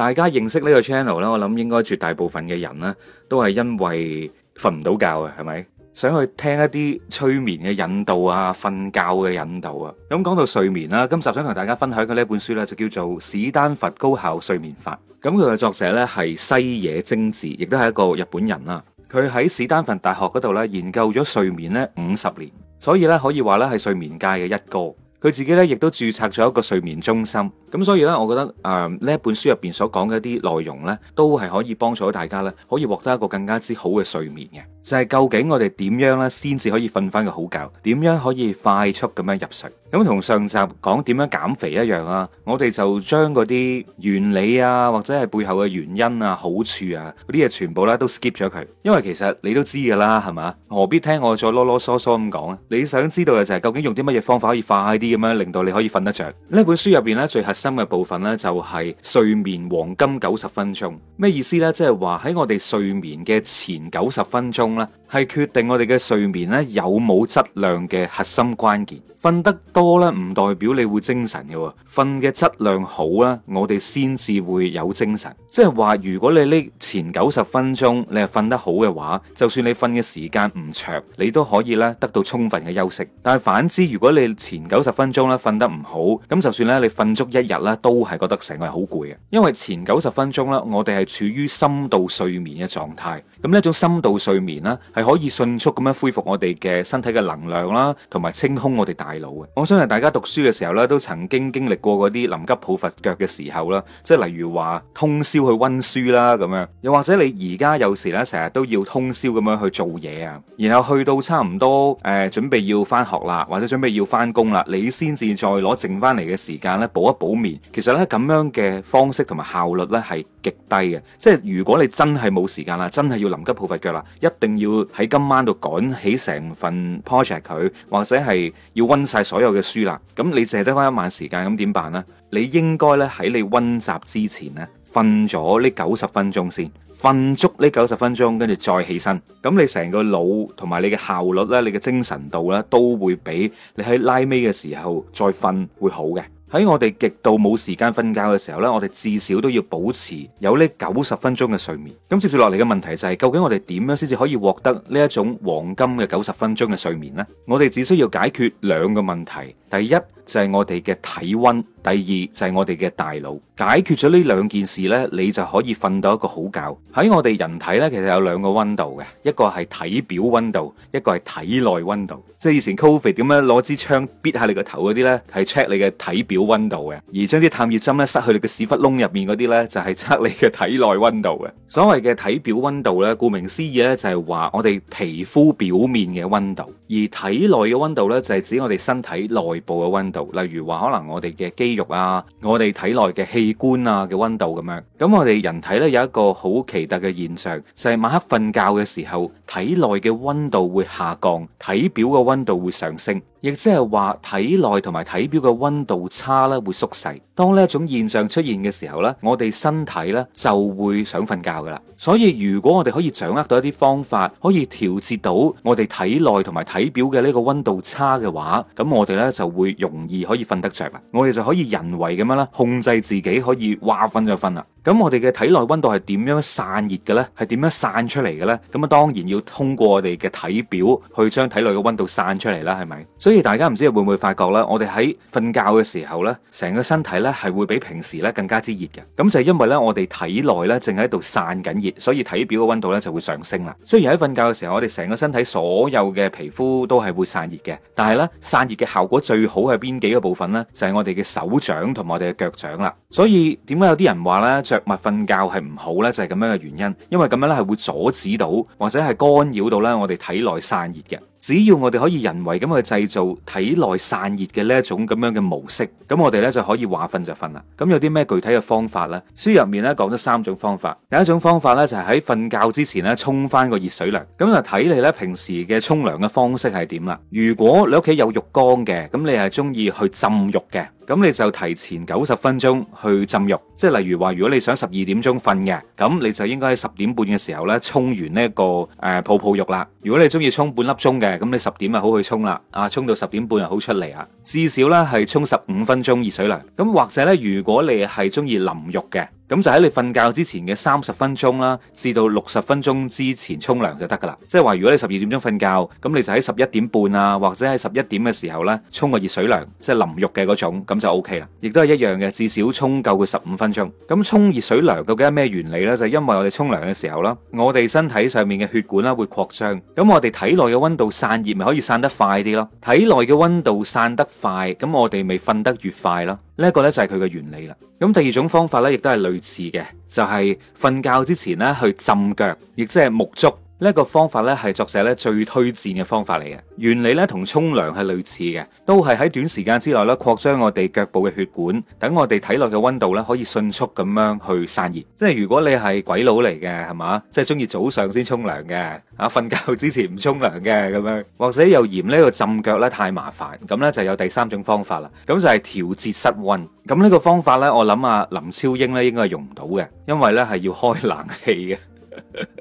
大家認識呢個 channel 咧，我諗應該絕大部分嘅人呢都係因為瞓唔到覺啊，係咪？想去聽一啲催眠嘅引導啊，瞓覺嘅引導啊。咁講到睡眠啦，今集想同大家分享嘅呢本書呢，就叫做《史丹佛高效睡眠法》。咁佢嘅作者呢，係西野精治，亦都係一個日本人啦。佢喺史丹佛大學嗰度呢，研究咗睡眠呢五十年，所以呢，可以話呢係睡眠界嘅一哥。佢自己咧亦都註冊咗一個睡眠中心，咁所以呢，我覺得誒，呃，呢一本書入邊所講嘅啲內容呢，都係可以幫助大家呢，可以獲得一個更加之好嘅睡眠嘅。就係究竟我哋點樣咧，先至可以瞓翻個好覺？點樣可以快速咁樣入睡？咁同上集講點樣減肥一樣啊，我哋就將嗰啲原理啊，或者係背後嘅原因啊、好處啊，嗰啲嘢全部咧都 skip 咗佢。因為其實你都知噶啦，係嘛？何必聽我再囉囉嗦嗦咁講啊？你想知道嘅就係究竟用啲乜嘢方法可以快啲咁樣令到你可以瞓得着？呢本書入邊咧最核心嘅部分咧就係、是、睡眠黃金九十分鐘。咩意思呢？即係話喺我哋睡眠嘅前九十分鐘。啦，係決定我哋嘅睡眠咧有冇質量嘅核心關鍵。瞓得多咧唔代表你會精神嘅，瞓嘅質量好啦，我哋先至會有精神。即係話，如果你呢前九十分鐘你係瞓得好嘅話，就算你瞓嘅時間唔長，你都可以咧得到充分嘅休息。但係反之，如果你前九十分鐘咧瞓得唔好，咁就算咧你瞓足一日咧，都係覺得成個人好攰嘅。因為前九十分鐘咧，我哋係處於深度睡眠嘅狀態。咁呢一種深度睡眠。啦，係可以迅速咁樣恢復我哋嘅身體嘅能量啦，同埋清空我哋大腦嘅。我相信大家讀書嘅時候呢，都曾經經歷過嗰啲臨急抱佛腳嘅時候啦，即係例如話通宵去溫書啦，咁樣，又或者你而家有時呢，成日都要通宵咁樣去做嘢啊，然後去到差唔多誒、呃、準備要翻學啦，或者準備要翻工啦，你先至再攞剩翻嚟嘅時間呢，補一補眠。其實呢，咁樣嘅方式同埋效率呢，係極低嘅，即係如果你真係冇時間啦，真係要臨急抱佛腳啦，一定。要喺今晚度趕起成份 project 佢，或者係要溫晒所有嘅書啦。咁你淨係得翻一晚時間，咁點辦呢？你應該咧喺你溫習之前咧，瞓咗呢九十分鐘先，瞓足呢九十分鐘，跟住再起身。咁你成個腦同埋你嘅效率咧，你嘅精神度咧，都會比你喺拉尾嘅時候再瞓會好嘅。喺我哋極度冇時間瞓覺嘅時候呢，我哋至少都要保持有呢九十分鐘嘅睡眠。咁接住落嚟嘅問題就係，究竟我哋點樣先至可以獲得呢一種黃金嘅九十分鐘嘅睡眠呢？我哋只需要解決兩個問題。第一就係我哋嘅體温，第二就係我哋嘅大腦。解決咗呢兩件事呢，你就可以瞓到一個好覺。喺我哋人體呢，其實有兩個温度嘅，一個係體表温度，一個係體內温度。即係以前 Covid 點樣攞支槍逼下你個頭嗰啲呢，係 check 你嘅體表温度嘅，而將啲探熱針呢，塞去你嘅屎忽窿入面嗰啲呢，就係測你嘅體內温度嘅。所謂嘅體表温度呢，顧名思義呢，就係話我哋皮膚表面嘅温度，而體內嘅温度呢，就係指我哋身體內部嘅溫度，例如話可能我哋嘅肌肉啊，我哋體內嘅器官啊嘅溫度咁樣，咁我哋人體呢，有一個好奇特嘅現象，就係晚黑瞓覺嘅時候，體內嘅溫度會下降，體表嘅溫度會上升。亦即係話，體內同埋體表嘅温度差咧會縮細。當呢一種現象出現嘅時候呢，我哋身體呢就會想瞓覺噶啦。所以如果我哋可以掌握到一啲方法，可以調節到我哋體內同埋體表嘅呢個温度差嘅話，咁我哋呢就會容易可以瞓得着啦。我哋就可以人為咁樣啦，控制自己可以話瞓就瞓啦。咁我哋嘅體內溫度係點樣散熱嘅咧？係點樣散出嚟嘅咧？咁啊，當然要通過我哋嘅體表去將體內嘅溫度散出嚟啦，係咪？所以大家唔知會唔會發覺咧？我哋喺瞓覺嘅時候咧，成個身體咧係會比平時咧更加之熱嘅。咁就係因為咧，我哋體內咧淨係喺度散緊熱，所以體表嘅溫度咧就會上升啦。雖然喺瞓覺嘅時候，我哋成個身體所有嘅皮膚都係會散熱嘅，但係咧散熱嘅效果最好係邊幾個部分咧？就係我哋嘅手掌同我哋嘅腳掌啦。所以點解有啲人話咧？着物瞓覺係唔好咧，就係、是、咁樣嘅原因，因為咁樣咧係會阻止到，或者係干擾到咧我哋體內散熱嘅。只要我哋可以人為咁去製造體內散熱嘅呢一種咁樣嘅模式，咁我哋咧就可以話瞓就瞓啦。咁有啲咩具體嘅方法咧？書入面咧講咗三種方法，第一種方法咧就係喺瞓覺之前咧沖翻個熱水涼，咁就睇你咧平時嘅沖涼嘅方式係點啦。如果你屋企有浴缸嘅，咁你係中意去浸浴嘅，咁你就提前九十分鐘去浸浴，即係例如話如果你想十二點鐘瞓嘅，咁你就應該喺十點半嘅時候咧沖完呢、這個誒、呃、泡泡浴啦。如果你中意沖半粒鐘嘅，咁你十點啊好去沖啦，啊沖到十點半又好出嚟啊。至少咧係沖十五分鐘熱水涼，咁或者咧如果你係中意淋浴嘅，咁就喺你瞓覺之前嘅三十分鐘啦，至到六十分鐘之前沖涼就得噶啦。即係話如果你十二點鐘瞓覺，咁你就喺十一點半啊，或者喺十一點嘅時候咧沖個熱水涼，即係淋浴嘅嗰種，咁就 OK 啦，亦都係一樣嘅，至少沖夠佢十五分鐘。咁沖熱水涼究竟係咩原理呢？就係因為我哋沖涼嘅時候啦，我哋身體上面嘅血管啦會擴張，咁我哋體內嘅温度散熱咪可以散得快啲咯，體內嘅温度散得。快咁，我哋咪瞓得越快咯。呢一個咧就係佢嘅原理啦。咁第二種方法咧，亦都係類似嘅，就係瞓覺之前咧去浸腳，亦即係沐足。呢一個方法咧，係作者咧最推薦嘅方法嚟嘅。原理咧，同沖涼係類似嘅，都係喺短時間之內咧擴張我哋腳部嘅血管，等我哋體內嘅温度咧可以迅速咁樣去散熱。即係如果你係鬼佬嚟嘅，係嘛？即係中意早上先沖涼嘅，啊瞓覺之前唔沖涼嘅咁樣，或者又嫌呢個浸腳咧太麻煩，咁呢，就有第三種方法啦。咁就係調節室温。咁呢個方法呢，我諗阿、啊、林超英咧應該係用唔到嘅，因為呢係要開冷氣嘅。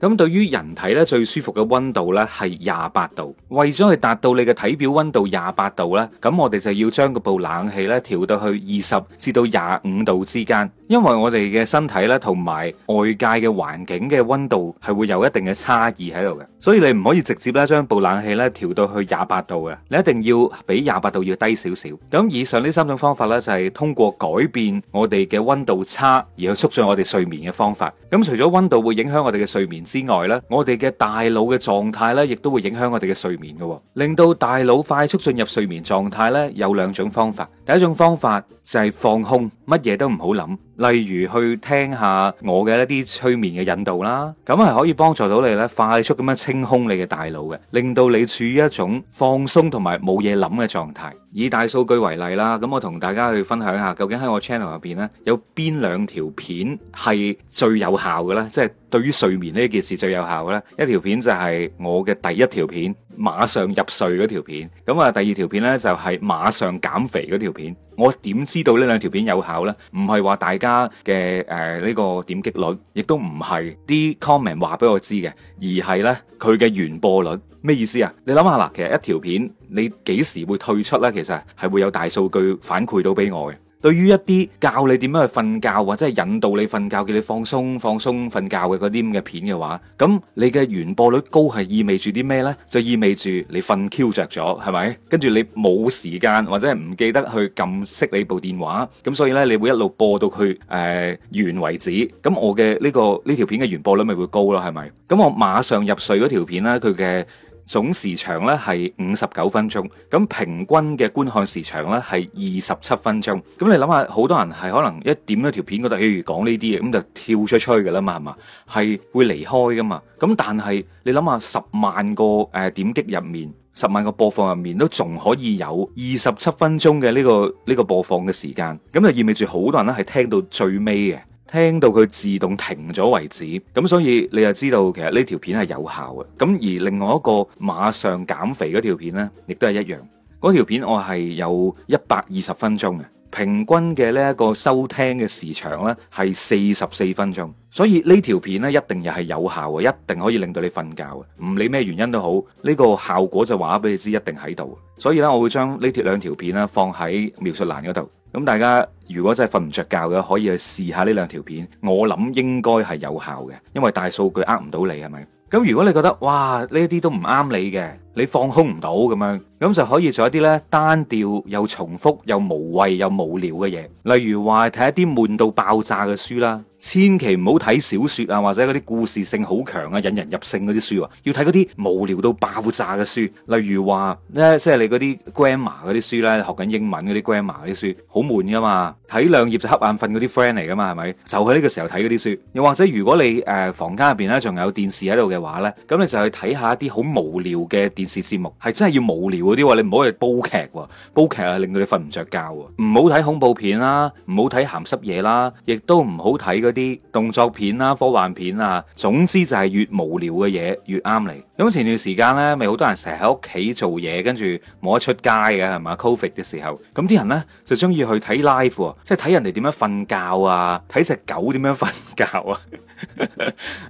咁對於人體最舒服嘅温度咧係廿八度。為咗去達到你嘅體表温度廿八度咧，咁我哋就要將個部冷氣咧調到去二十至到廿五度之間。因為我哋嘅身體咧，同埋外界嘅環境嘅溫度係會有一定嘅差異喺度嘅，所以你唔可以直接咧將部冷氣咧調到去廿八度嘅，你一定要比廿八度要低少少。咁以上呢三種方法咧就係通過改變我哋嘅溫度差而去促進我哋睡眠嘅方法。咁除咗溫度會影響我哋嘅睡眠之外咧，我哋嘅大腦嘅狀態咧亦都會影響我哋嘅睡眠嘅，令到大腦快速進入睡眠狀態咧有兩種方法。第一種方法。就係放空，乜嘢都唔好諗。例如去聽下我嘅一啲催眠嘅引導啦，咁係可以幫助到你咧快速咁樣清空你嘅大腦嘅，令到你處於一種放鬆同埋冇嘢諗嘅狀態。以大數據為例啦，咁我同大家去分享一下，究竟喺我 channel 入邊呢，有邊兩條片係最有效嘅呢？即係對於睡眠呢件事最有效嘅呢，一條片就係我嘅第一條片，馬上入睡嗰條片。咁啊，第二條片呢，就係馬上減肥嗰條片。我點知道呢兩條片有效呢？唔係話大家嘅誒呢個點擊率，亦都唔係啲 comment 話俾我知嘅，而係呢，佢嘅完播率。咩意思啊？你諗下啦，其實一條片你幾時會退出呢？其實係會有大數據反饋到俾我嘅。對於一啲教你點樣去瞓覺或者係引導你瞓覺，叫你放鬆放鬆瞓覺嘅嗰啲咁嘅片嘅話，咁你嘅完播率高係意味住啲咩呢？就意味住你瞓 Q 着咗，係咪？跟住你冇時間或者係唔記得去撳熄你部電話，咁所以呢，你會一路播到佢誒、呃、完為止。咁我嘅呢、呢個呢條片嘅完播率咪會高咯，係咪？咁我馬上入睡嗰條片咧，佢嘅。總時長咧係五十九分鐘，咁平均嘅觀看時長咧係二十七分鐘。咁你諗下，好多人係可能一點咗條片嗰度，譬、哎、如講呢啲嘢，咁就跳出出去噶啦嘛，係嘛，係會離開噶嘛。咁但係你諗下，十萬個誒、呃、點擊入面，十萬個播放入面，都仲可以有二十七分鐘嘅呢個呢個播放嘅時間，咁就意味住好多人咧係聽到最尾嘅。聽到佢自動停咗為止，咁所以你就知道其實呢條片係有效嘅。咁而另外一個馬上減肥嗰條片呢，亦都係一樣。嗰條片我係有一百二十分鐘嘅。平均嘅呢一個收聽嘅時長呢係四十四分鐘，所以呢條片呢一定又係有效啊，一定可以令到你瞓覺啊！唔理咩原因都好，呢個效果就話俾你知，一定喺度。所以呢，我會將呢條兩條片呢放喺描述欄嗰度。咁大家如果真係瞓唔着覺嘅，可以去試下呢兩條片，我諗應該係有效嘅，因為大數據呃唔到你係咪？咁如果你覺得哇，呢啲都唔啱你嘅，你放空唔到咁樣，咁就可以做一啲呢單調又重複又無謂又無聊嘅嘢，例如話睇一啲悶到爆炸嘅書啦。千祈唔好睇小説啊，或者嗰啲故事性好強啊、引人入勝嗰啲書啊。要睇嗰啲無聊到爆炸嘅書，例如話咧，即係你嗰啲 grammar 嗰啲書咧，學緊英文嗰啲 grammar 啲書，好悶噶嘛，睇兩頁就瞌眼瞓嗰啲 friend 嚟噶嘛，係咪？就喺呢個時候睇嗰啲書。又或者如果你誒房間入邊咧仲有電視喺度嘅話咧，咁你就去睇下一啲好無聊嘅電視節目，係真係要無聊嗰啲喎，你唔好去煲劇喎，煲劇啊令到你瞓唔着覺喎，唔好睇恐怖片啦，唔好睇鹹濕嘢啦，亦都唔好睇啲動作片啦、啊、科幻片啊，總之就係越無聊嘅嘢越啱你。咁前段時間呢，咪好多人成日喺屋企做嘢，跟住冇得出街嘅係嘛？Covid 嘅時候，咁啲人呢，就中意去睇 live、哦、即係睇人哋點樣瞓覺啊，睇隻狗點樣瞓覺啊。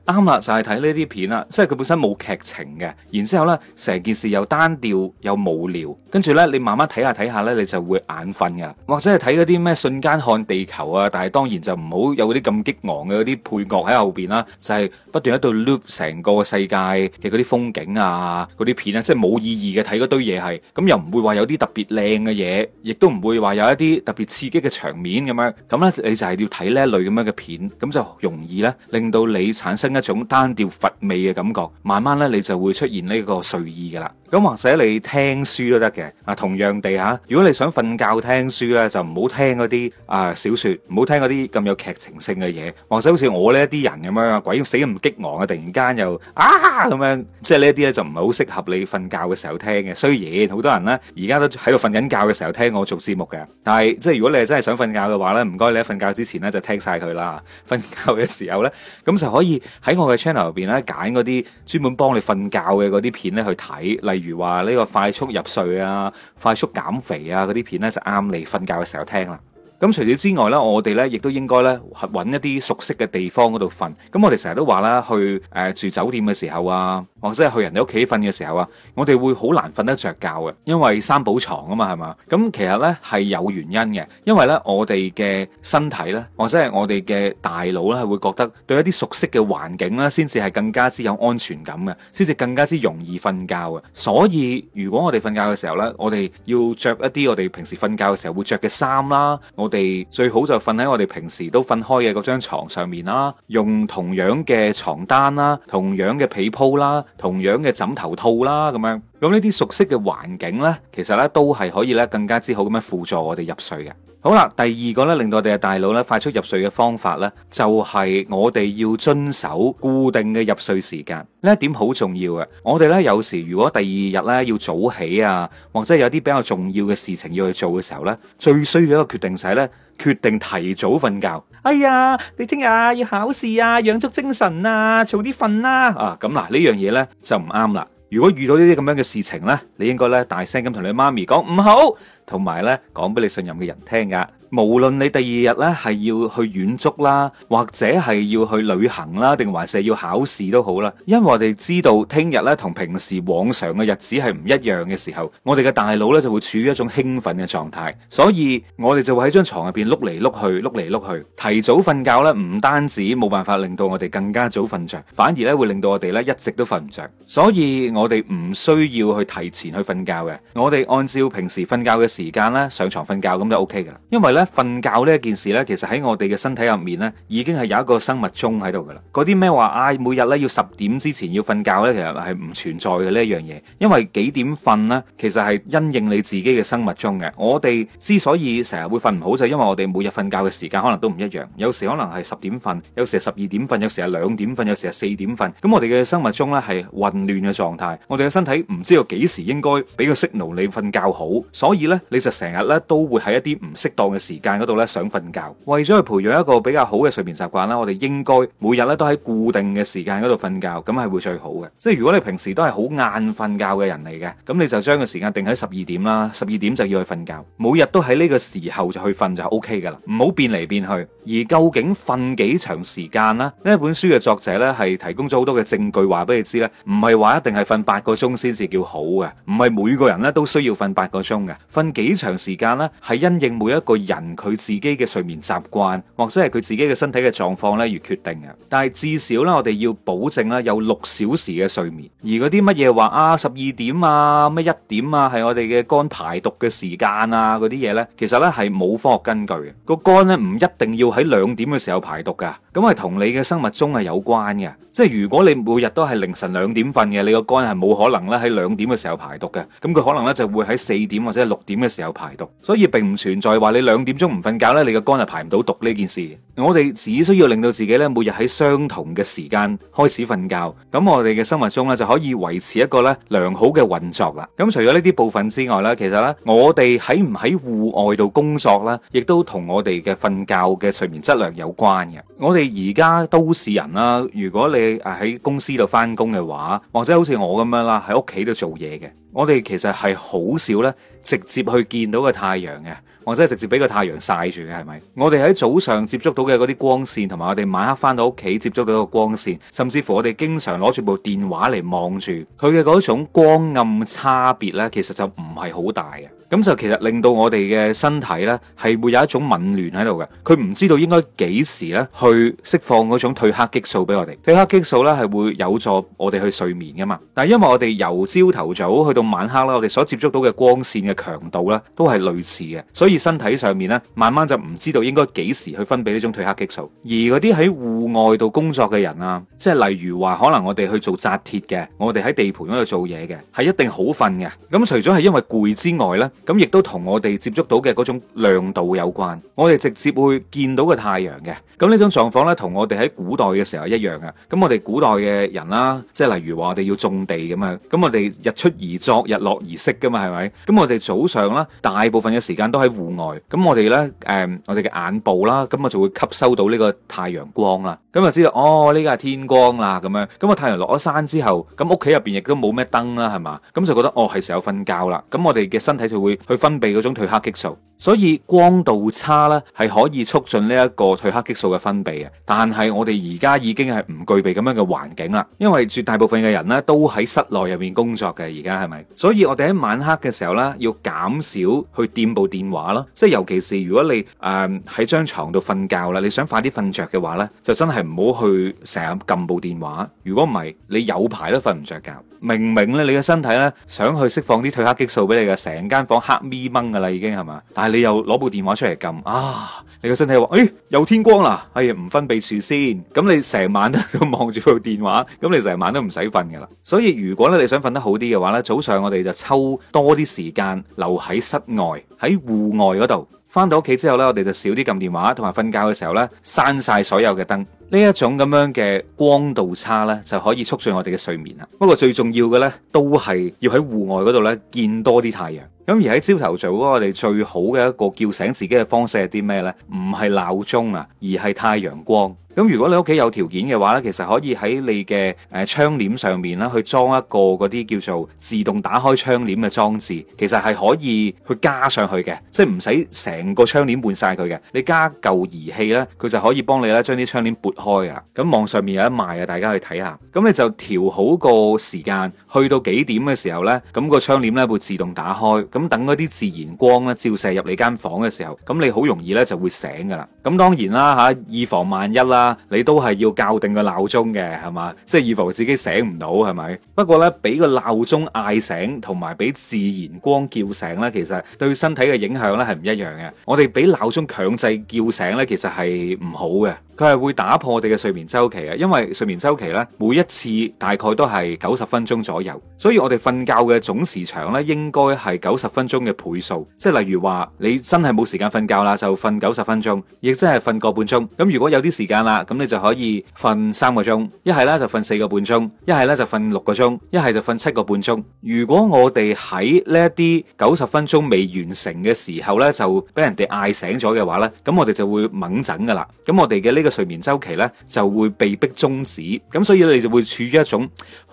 啱 啦，就係睇呢啲片啦，即係佢本身冇劇情嘅，然之後咧成件事又單調又無聊，跟住呢，你慢慢睇下睇下呢，你就會眼瞓噶。或者係睇嗰啲咩瞬間看地球啊，但係當然就唔好有嗰啲咁。激昂嘅嗰啲配角喺後邊啦，就係不斷喺度 loop 成個世界嘅嗰啲風景啊，嗰啲片啊，即係冇意義嘅睇嗰堆嘢係，咁又唔會話有啲特別靚嘅嘢，亦都唔會話有一啲特別刺激嘅場面咁樣，咁咧你就係要睇呢一類咁樣嘅片，咁就容易咧令到你產生一種單調乏味嘅感覺，慢慢咧你就會出現呢個睡意噶啦。咁或者你聽書都得嘅，啊同樣地嚇，如果你想瞓覺聽書咧，就唔好聽嗰啲啊小説，唔好聽嗰啲咁有劇情性嘅嘢。或者好似我呢一啲人咁樣啊，鬼死咁激昂啊，突然間又啊咁樣，即係呢一啲咧就唔係好適合你瞓覺嘅時候聽嘅。雖然好多人咧而家都喺度瞓緊覺嘅時候聽我做節目嘅，但係即係如果你係真係想瞓覺嘅話咧，唔該你喺瞓覺之前咧就聽晒佢啦。瞓覺嘅時候咧，咁就可以喺我嘅 channel 入邊咧揀嗰啲專門幫你瞓覺嘅嗰啲片咧去睇，例如例如話呢個快速入睡啊、快速減肥啊嗰啲片咧，就啱你瞓覺嘅時候聽啦。咁除此之外咧，我哋咧亦都應該咧揾一啲熟悉嘅地方嗰度瞓。咁我哋成日都話啦，去誒、呃、住酒店嘅時候啊，或者係去人哋屋企瞓嘅時候啊，我哋會好難瞓得着覺嘅，因為三寶床啊嘛，係嘛？咁其實咧係有原因嘅，因為咧我哋嘅身體咧，或者係我哋嘅大腦咧，係會覺得對一啲熟悉嘅環境咧，先至係更加之有安全感嘅，先至更加之容易瞓覺嘅。所以如果我哋瞓覺嘅時候咧，我哋要着一啲我哋平時瞓覺嘅時候會着嘅衫啦，我。我哋最好就瞓喺我哋平時都瞓開嘅嗰張床上面啦，用同樣嘅床單啦，同樣嘅被鋪啦，同樣嘅枕頭套啦，咁樣。咁呢啲熟悉嘅環境呢，其實呢都係可以呢更加之好咁樣輔助我哋入睡嘅。好啦，第二個呢令到我哋嘅大腦呢快速入睡嘅方法呢，就係、是、我哋要遵守固定嘅入睡時間。呢一點好重要嘅。我哋呢，有時如果第二日呢要早起啊，或者有啲比較重要嘅事情要去做嘅時候呢，最需要一個決定就係呢：決定提早瞓覺。哎呀，你聽日要考試啊，養足精神啊，早啲瞓啦。啊，咁嗱、啊、呢樣嘢呢就唔啱啦。如果遇到呢啲咁樣嘅事情咧，你應該咧，大聲咁同你媽咪講唔好，同埋咧，講俾你信任嘅人聽㗎。無論你第二日咧係要去遠足啦，或者係要去旅行啦，定還是要考試都好啦，因為我哋知道聽日咧同平時往常嘅日子係唔一樣嘅時候，我哋嘅大腦咧就會處於一種興奮嘅狀態，所以我哋就會喺張床入邊碌嚟碌去碌嚟碌去。提早瞓覺咧，唔單止冇辦法令到我哋更加早瞓着，反而咧會令到我哋咧一直都瞓唔着。所以我哋唔需要去提前去瞓覺嘅，我哋按照平時瞓覺嘅時間咧上床瞓覺咁就 OK 噶啦，因為咧。瞓覺呢一件事咧，其實喺我哋嘅身體入面咧，已經係有一個生物鐘喺度噶啦。嗰啲咩話啊，每日咧要十點之前要瞓覺咧，其實係唔存在嘅呢一樣嘢。因為幾點瞓咧，其實係因應你自己嘅生物鐘嘅。我哋之所以成日會瞓唔好，就係因為我哋每日瞓覺嘅時間可能都唔一樣。有時可能係十點瞓，有時係十二點瞓，有時係兩點瞓，有時係四點瞓。咁我哋嘅生物鐘咧係混亂嘅狀態，我哋嘅身體唔知道幾時應該俾個 signal 你瞓覺好，所以咧你就成日咧都會喺一啲唔適當嘅。時間度咧想瞓覺，為咗去培養一個比較好嘅睡眠習慣啦，我哋應該每日咧都喺固定嘅時間度瞓覺，咁係會最好嘅。即係如果你平時都係好晏瞓覺嘅人嚟嘅，咁你就將個時間定喺十二點啦，十二點就要去瞓覺，每日都喺呢個時候去就去瞓就 OK 噶啦，唔好變嚟變去。而究竟瞓幾長時間呢？呢本書嘅作者咧係提供咗好多嘅證據，話俾你知呢唔係話一定係瞓八個鐘先至叫好嘅，唔係每個人咧都需要瞓八個鐘嘅，瞓幾長時間呢？係因應每一個人，佢自己嘅睡眠習慣或者係佢自己嘅身體嘅狀況咧，而決定啊。但係至少咧，我哋要保證咧有六小時嘅睡眠。而嗰啲乜嘢話啊十二點啊乜一點啊係我哋嘅肝排毒嘅時間啊嗰啲嘢咧，其實咧係冇科學根據嘅。個肝咧唔一定要喺兩點嘅時候排毒噶。咁係同你嘅生物鐘係有關嘅，即係如果你每日都係凌晨兩點瞓嘅，你個肝係冇可能咧喺兩點嘅時候排毒嘅，咁佢可能咧就會喺四點或者係六點嘅時候排毒，所以並唔存在話你兩點鐘唔瞓覺咧，你個肝就排唔到毒呢件事。我哋只需要令到自己咧每日喺相同嘅時間開始瞓覺，咁我哋嘅生物鐘咧就可以維持一個咧良好嘅運作啦。咁除咗呢啲部分之外咧，其實咧我哋喺唔喺戶外度工作啦，亦都同我哋嘅瞓覺嘅睡眠質量有關嘅，我哋。而家都市人啦，如果你喺公司度翻工嘅話，或者好似我咁樣啦，喺屋企度做嘢嘅，我哋其實係好少咧直接去見到個太陽嘅，或者直接俾個太陽晒住嘅，係咪？我哋喺早上接觸到嘅嗰啲光線，同埋我哋晚黑翻到屋企接觸到個光線，甚至乎我哋經常攞住部電話嚟望住佢嘅嗰種光暗差別咧，其實就唔係好大嘅。咁就其實令到我哋嘅身體呢，係會有一種紊亂喺度嘅。佢唔知道應該幾時呢去釋放嗰種褪黑激素俾我哋。褪黑激素呢，係會有助我哋去睡眠㗎嘛。但係因為我哋由朝頭早去到晚黑啦，我哋所接觸到嘅光線嘅強度呢，都係類似嘅，所以身體上面呢，慢慢就唔知道應該幾時去分泌呢種褪黑激素。而嗰啲喺戶外度工作嘅人啊，即係例如話可能我哋去做紮鐵嘅，我哋喺地盤嗰度做嘢嘅，係一定好瞓嘅。咁除咗係因為攰之外呢。咁亦都同我哋接觸到嘅嗰種亮度有關，我哋直接會見到個太陽嘅。咁呢種狀況呢，同我哋喺古代嘅時候一樣嘅。咁我哋古代嘅人啦、啊，即係例如話我哋要種地咁樣，咁我哋日出而作，日落而息噶嘛，係咪？咁我哋早上啦，大部分嘅時間都喺戶外，咁我哋呢，誒、嗯，我哋嘅眼部啦，咁我就會吸收到呢個太陽光啦，咁就知道哦，呢個係天光啦，咁樣。咁個太陽落咗山之後，咁屋企入邊亦都冇咩燈啦，係嘛？咁就覺得哦，係時候瞓覺啦。咁我哋嘅身體就會去分泌嗰種褪黑激素，所以光度差咧，係可以促進呢一個褪黑激素嘅分泌嘅。但係我哋而家已經係唔具備咁樣嘅環境啦，因為絕大部分嘅人咧，都喺室內入邊工作嘅，而家係咪？所以我哋喺晚黑嘅時候咧，要減少去掂部電話啦，即係尤其是如果你誒喺張床度瞓覺啦，你想快啲瞓着嘅話咧，就真係唔好去成日撳部電話。如果唔係，你有排都瞓唔着覺。明明咧，你嘅身體咧，想去釋放啲褪黑激素俾你嘅，成間房黑咪掹嘅啦，已經係嘛？但係你又攞部電話出嚟撳，啊！你個身體話：哎，又天光啦，哎呀，唔分秘泌處先。咁你成晚都望住部電話，咁你成晚都唔使瞓嘅啦。所以如果咧你想瞓得好啲嘅話咧，早上我哋就抽多啲時間留喺室外，喺戶外嗰度。翻到屋企之後呢，我哋就少啲撳電話，同埋瞓覺嘅時候呢，閂晒所有嘅燈。呢一種咁樣嘅光度差呢就可以促進我哋嘅睡眠啦。不過最重要嘅呢，都係要喺戶外嗰度呢，見多啲太陽。咁而喺朝頭早啊，我哋最好嘅一個叫醒自己嘅方式係啲咩呢？唔係鬧鐘啊，而係太陽光。咁如果你屋企有條件嘅話咧，其實可以喺你嘅誒、呃、窗簾上面咧，去裝一個啲叫做自動打開窗簾嘅裝置，其實係可以去加上去嘅，即係唔使成個窗簾換晒佢嘅。你加舊儀器咧，佢就可以幫你咧將啲窗簾撥開噶啦！咁網上面有得賣啊，大家去睇下。咁你就調好個時間，去到幾點嘅時候咧，咁、個窗簾咧會自動打開，咁等嗰啲自然光咧照射入你間房嘅時候，咁你好容易咧就會醒噶啦。咁當然啦吓、啊、以防萬一啦。你都係要校定個鬧鐘嘅，係嘛？即係以防自己醒唔到，係咪？不過呢，俾個鬧鐘嗌醒同埋俾自然光叫醒呢，其實對身體嘅影響呢係唔一樣嘅。我哋俾鬧鐘強制叫醒呢，其實係唔好嘅。佢係會打破我哋嘅睡眠周期嘅，因為睡眠周期咧，每一次大概都係九十分鐘左右，所以我哋瞓覺嘅總時長咧應該係九十分鐘嘅倍數，即係例如話你真係冇時間瞓覺啦，就瞓九十分鐘，亦即係瞓個半鐘。咁如果有啲時間啦，咁你就可以瞓三個鐘，一係咧就瞓四個半鐘，一係咧就瞓六個鐘，一係就瞓七個半鐘。如果我哋喺呢一啲九十分鐘未完成嘅時候咧，就俾人哋嗌醒咗嘅話咧，咁我哋就會猛整噶啦。咁我哋嘅呢個睡眠周期咧就會被迫終止，咁所以你就會處於一種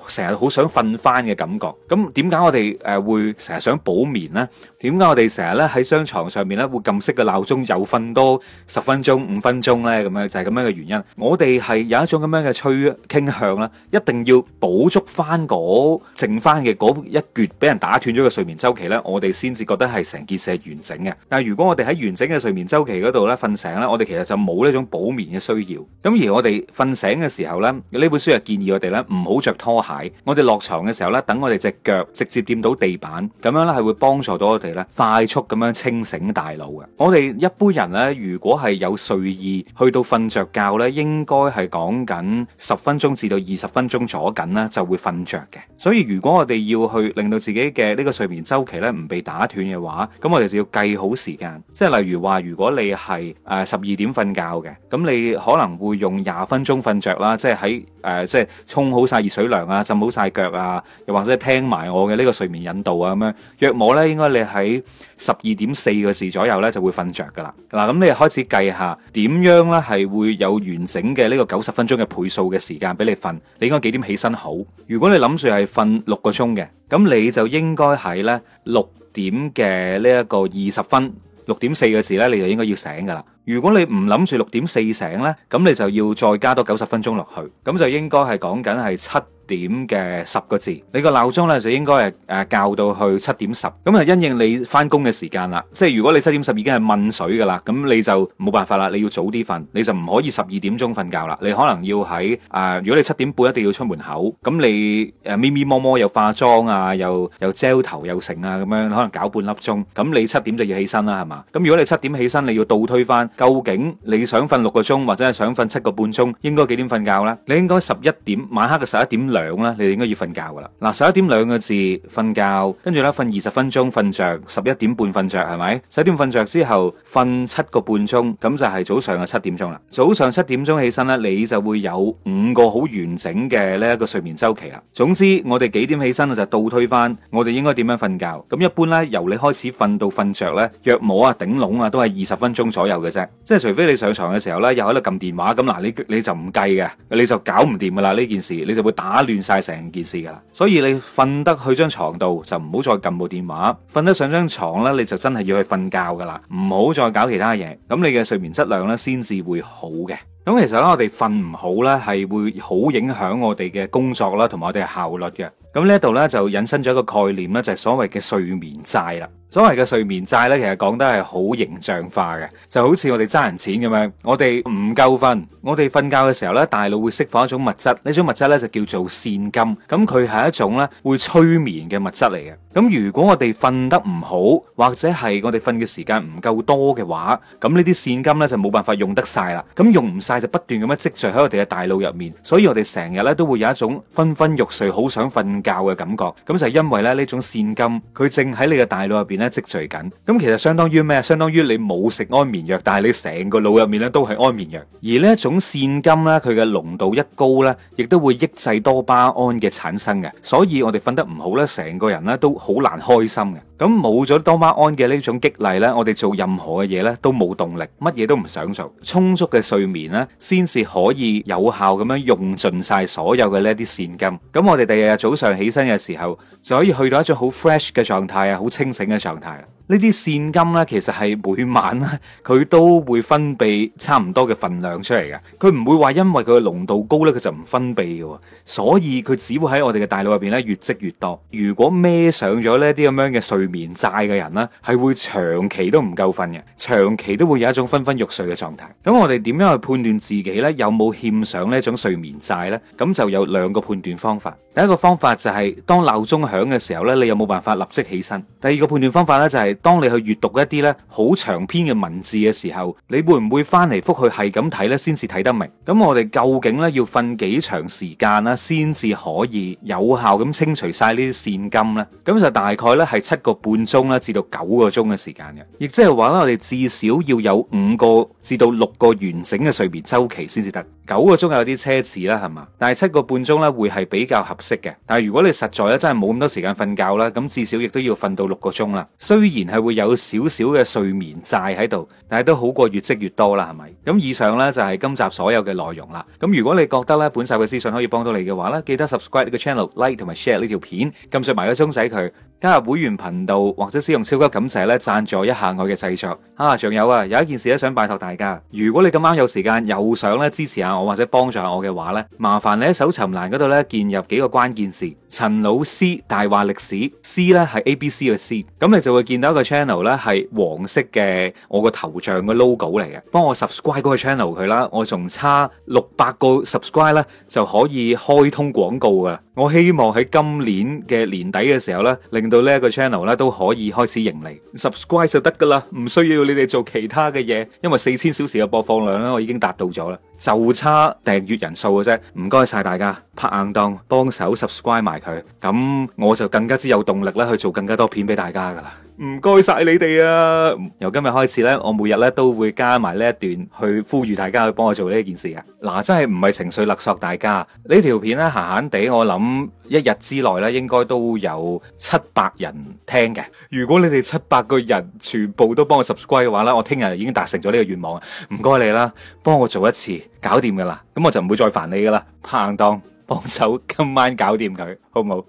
成日好想瞓翻嘅感覺，咁點解我哋誒、呃、會成日想補眠呢？點解我哋成日咧喺張牀上面咧會撳熄個鬧鐘又瞓多十分鐘、五分鐘呢？咁樣就係咁樣嘅原因。我哋係有一種咁樣嘅趨傾向啦，一定要補足翻嗰剩翻嘅嗰一橛，俾人打斷咗嘅睡眠周期咧，我哋先至覺得係成件事係完整嘅。但係如果我哋喺完整嘅睡眠周期嗰度咧瞓醒咧，我哋其實就冇呢種補眠嘅需要。咁而我哋瞓醒嘅時候咧，呢本書又建議我哋咧唔好着拖鞋。我哋落床嘅時候呢，等我哋隻腳直接掂到地板，咁樣呢係會幫助到我哋呢快速咁樣清醒大腦嘅。我哋一般人呢，如果係有睡意，去到瞓着覺，覺呢，應該係講緊十分鐘至到二十分鐘左右呢就會瞓着嘅。所以如果我哋要去令到自己嘅呢個睡眠周期呢唔被打斷嘅話，咁我哋就要計好時間，即係例如話如果你係誒十二點瞓覺嘅，咁你可能會用廿分鐘瞓着啦，即係喺誒即係沖好晒熱水涼啊！浸好晒腳啊！又或者聽埋我嘅呢個睡眠引導啊，咁樣約莫呢，應該你喺十二點四個字左右呢就會瞓着㗎喇。嗱，咁你開始計下點樣呢係會有完整嘅呢個九十分鐘嘅倍數嘅時間俾你瞓。你應該幾點起身好？如果你諗住係瞓六個鐘嘅，咁你就應該喺呢六點嘅呢一個二十分，六點四個字呢，你就應該要醒㗎喇。如果你唔諗住六點四醒呢，咁你就要再加多九十分鐘落去，咁就應該係講緊係七點嘅十個字，你個鬧鐘呢就應該係誒校到去七點十，咁啊因應你翻工嘅時間啦。即係如果你七點十已經係問水噶啦，咁你就冇辦法啦，你要早啲瞓，你就唔可以十二點鐘瞓覺啦。你可能要喺誒，如果你七點半一定要出門口，咁你誒咪咪摸摸又化妝啊，又又 gel 頭又成啊，咁樣可能搞半粒鐘，咁你七點就要起身啦，係嘛？咁如果你七點起身，你要倒推翻究竟你想瞓六個鐘或者係想瞓七個半鐘，應該幾點瞓覺咧？你應該十一點晚黑嘅十一點兩兩啦，你應該要瞓覺噶啦。嗱，十一點兩個字瞓覺，跟住咧瞓二十分鐘，瞓着十一點半瞓着係咪？十一點瞓着之後瞓七個半鐘，咁就係早上嘅七點鐘啦。早上七點鐘起身咧，你就會有五個好完整嘅呢一個睡眠周期啦。總之，我哋幾點起身啊？就倒推翻，我哋應該點樣瞓覺。咁一般咧，由你開始瞓到瞓着咧，約莫啊頂籠啊，都係二十分鐘左右嘅啫。即係除非你上床嘅時候咧，又喺度撳電話咁嗱，你你就唔計嘅，你就搞唔掂噶啦呢件事，你就會打。亂晒成件事噶啦，所以你瞓得去張床度就唔好再撳部電話，瞓得上張床呢，你就真係要去瞓覺噶啦，唔好再搞其他嘢，咁你嘅睡眠質量呢先至會好嘅。咁其實呢，我哋瞓唔好呢，係會好影響我哋嘅工作啦，同埋我哋嘅效率嘅。咁呢度呢，就引申咗一個概念咧，就係所謂嘅睡眠債啦。所謂嘅睡眠債呢，其實講得係好形象化嘅，就好似我哋爭人錢咁樣。我哋唔夠瞓，我哋瞓覺嘅時候呢，大腦會釋放一種物質，呢種物質呢就叫做腺苷。咁佢係一種呢會催眠嘅物質嚟嘅。咁如果我哋瞓得唔好，或者係我哋瞓嘅時間唔夠多嘅話，咁呢啲腺苷呢就冇辦法用得晒啦。咁用唔晒就不斷咁樣積聚喺我哋嘅大腦入面，所以我哋成日呢都會有一種昏昏欲睡、好想瞓覺嘅感覺。咁就係因為咧呢種腺苷，佢正喺你嘅大腦入邊，積聚緊，咁其實相當於咩？相當於你冇食安眠藥，但係你成個腦入面咧都係安眠藥。而呢一種腺苷咧，佢嘅濃度一高咧，亦都會抑制多巴胺嘅產生嘅。所以我哋瞓得唔好咧，成個人咧都好難開心嘅。咁冇咗多巴胺嘅呢種激勵呢，我哋做任何嘅嘢呢都冇動力，乜嘢都唔想做。充足嘅睡眠呢，先至可以有效咁樣用盡晒所有嘅呢啲腺苷。咁我哋第二日早上起身嘅時候，就可以去到一種好 fresh 嘅狀態啊，好清醒嘅狀態。呢啲腺苷呢，其實係每晚咧佢都會分泌差唔多嘅份量出嚟嘅，佢唔會話因為佢嘅濃度高呢，佢就唔分泌嘅。所以佢只會喺我哋嘅大腦入邊咧越積越多。如果孭上咗呢啲咁樣嘅睡睡眠債嘅人呢，係會長期都唔夠瞓嘅，長期都會有一種昏昏欲睡嘅狀態。咁我哋點樣去判斷自己呢？有冇欠上呢一種睡眠債呢？咁就有兩個判斷方法。第一個方法就係、是、當鬧鐘響嘅時候呢，你有冇辦法立即起身？第二個判斷方法呢、就是，就係當你去閱讀一啲呢好長篇嘅文字嘅時候，你會唔會翻嚟覆去係咁睇呢？先至睇得明。咁我哋究竟呢？要瞓幾長時間呢？先至可以有效咁清除晒呢啲現金呢？咁就大概呢係七個。半鐘啦，至到九個鐘嘅時間嘅，亦即係話咧，我哋至少要有五個至到六個完整嘅睡眠周期先至得。九個鐘有啲奢侈啦，係嘛？但係七個半鐘呢，會係比較合適嘅。但係如果你實在咧，真係冇咁多時間瞓覺啦，咁至少亦都要瞓到六個鐘啦。雖然係會有少少嘅睡眠債喺度，但係都好過越積越多啦，係咪？咁以上呢，就係今集所有嘅內容啦。咁如果你覺得呢，本集嘅資訊可以幫到你嘅話呢，記得 subscribe 呢個 channel、like 同埋 share 呢條片，撳上埋個鐘仔佢，加入會員頻道或者使用超級感謝呢，贊助一下我嘅製作。啊，仲有啊，有一件事咧想拜託大家，如果你咁啱有時間又想咧支持下。我或者幫助我嘅話呢，麻煩你喺搜尋欄嗰度呢，建入幾個關鍵詞陳老師大話歷史 c 呢係 A B C 嘅 C。咁，你就會見到一個 channel 呢係黃色嘅我個頭像嘅 logo 嚟嘅，幫我 subscribe 嗰個 channel 佢啦。我仲差六百個 subscribe 呢就可以開通廣告噶。我希望喺今年嘅年底嘅時候呢，令到頻道呢一個 channel 呢都可以開始盈利 subscribe 就得噶啦，唔需要你哋做其他嘅嘢，因為四千小時嘅播放量呢，我已經達到咗啦。就差訂閱人數嘅啫，唔該晒大家，拍硬檔幫手 subscribe 埋佢，咁我就更加之有動力咧去做更加多片俾大家噶啦。唔該晒你哋啊！由今日開始呢，我每日呢都會加埋呢一段去呼籲大家去幫我做呢件事啊！嗱，真係唔係情緒勒索大家。呢條片呢，閒閒地，我諗一日之內呢應該都有七百人聽嘅。如果你哋七百個人全部都幫我十 u 嘅話呢，我聽日已經達成咗呢個願望。唔該你啦，幫我做一次，搞掂噶啦，咁我就唔會再煩你噶啦。拍檔幫手，今晚搞掂佢，好唔好？